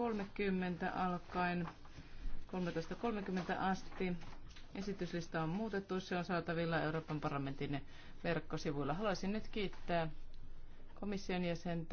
13.30 alkaen 13.30 asti. Esityslista on muutettu, se on saatavilla Euroopan parlamentin verkkosivuilla. Haluaisin nyt kiittää komission jäsentä.